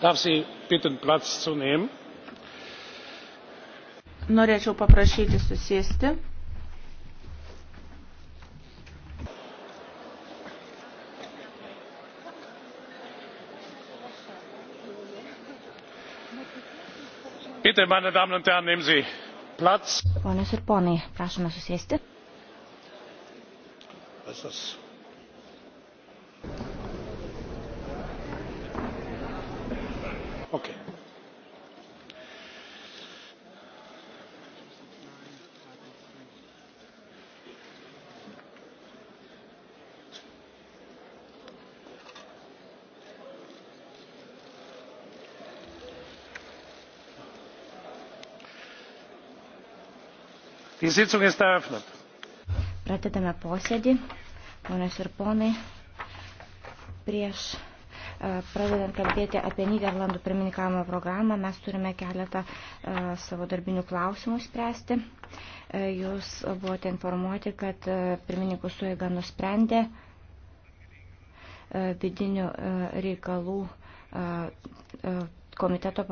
darf sie bitten platz zu nehmen. norėčiau paprašyti susėsti. bitte meine damen und herren nehmen sie platz. ponios ir ponai prašome susėsti. was ist das? Okay. Die Sitzung ist eröffnet. Pradedame posėdį. Ponios ir ponai, prieš E, pradedant kalbėti apie Niderlandų pirmininkavimo programą, mes turime keletą e, savo darbinių klausimų spręsti. E, jūs buvote informuoti, kad pirmininkų suėga nusprendė vidinių reikalų komiteto